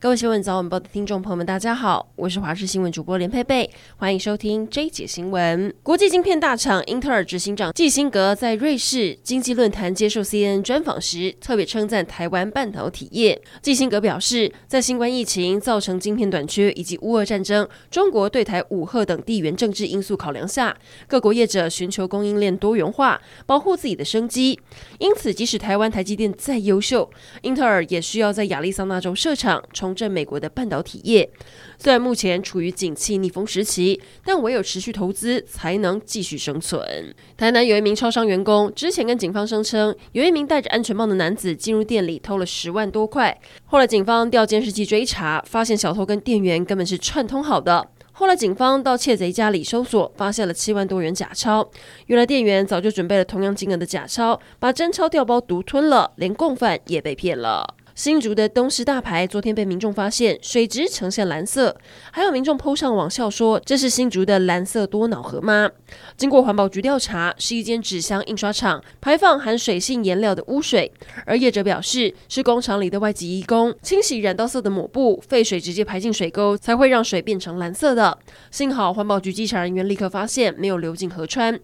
各位新聞早晚報的聽眾朋友們，大家好，我是華視新聞主播連佩佩，歡迎收聽 J 姐新聞。國際晶片大廠英特爾執行長季辛格在瑞士經濟論壇接受 CNN 專訪時，特別稱讚台灣半導體業。季辛格表示，在新冠疫情造成晶片短缺，以及烏俄戰爭、中國對台武嚇等地緣政治因素考量下，各國業者尋求供應鏈多元化，保護自己的生機。因此，即使台灣台積電再優秀，英特爾也需要在亞利桑那州設廠重振美國的半導體業，雖然目前處於景氣逆風時期，但唯有持續投資才能繼續生存。台南有一名超商員工，之前跟警方聲稱有一名戴着安全帽的男子進入店裡偷了十萬多塊。後來警方調監視器追查，發現小偷跟店員根本是串通好的。後來警方到竊賊家裡搜索，發現了七萬多元假鈔。原來店員早就準備了同樣金額的假鈔，把真鈔調包獨吞了，連共犯也被騙了。新竹的東勢大排昨天被民眾發現水質呈現藍色，還有民眾 PO 上網笑說：“這是新竹的藍色多瑙河嗎？”經過環保局調查，是一間紙箱印刷廠排放含水性顏料的污水，而業者表示是工廠裡的外籍移工清洗染到色的抹布，廢水直接排進水溝才會讓水變成藍色的。幸好環保局稽查人員立刻發現，沒有流進河川。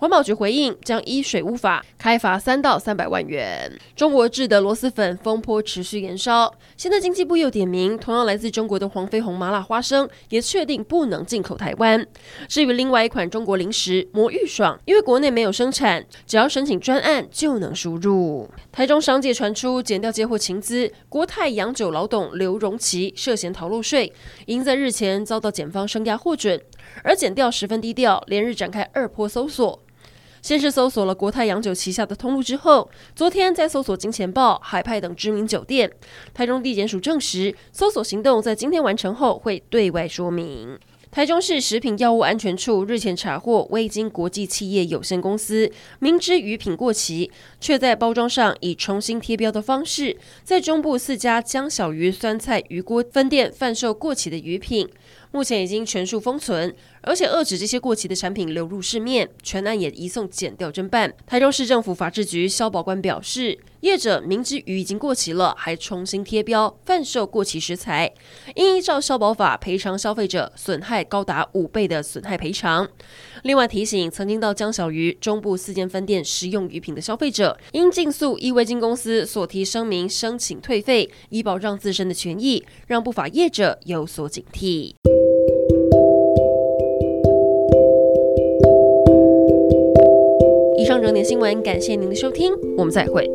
環保局回應，將依水污法開罰三到三百萬元。中國製的螺螄粉風波持續延燒，現在經濟部又點名，同樣來自中國的黃飛紅麻辣花生也確定不能進口台灣。至於另外一款中國零食魔芋爽，因為國內沒有生產，只要申請專案就能輸入。台中商界傳出檢調接獲情資，國泰洋酒老董劉榮奇涉嫌逃漏稅，因在日前遭到檢方聲押獲准。而檢調十分低調，連日展開二波搜索。先是搜索了國泰洋酒旗下的通路，之後，昨天在搜索金錢豹、海派等知名酒店。台中地檢署證實，搜索行動在今天完成後會對外說明。台中市食品藥物安全處日前查獲微晶國際企業有限公司明知魚品過期，卻在包裝上以重新貼標的方式，在中部四家江小魚酸菜魚鍋分店販售過期的魚品。目前已經全數封存，而且遏止這些過期的產品流入市面，全案也移送檢調偵辦。台中市政府法制局消保官表示，業者明知魚已經過期了，還重新貼標販售過期食材，應依照消保法賠償消費者損害高達五倍的損害賠償。另外提醒，曾經到江小魚中部四間分店食用魚品的消費者，應盡速依味金公司所提聲明申請退費，以保障自身的權益，讓不法業者有所警惕。點新聞，感謝您的收聽，我們再會。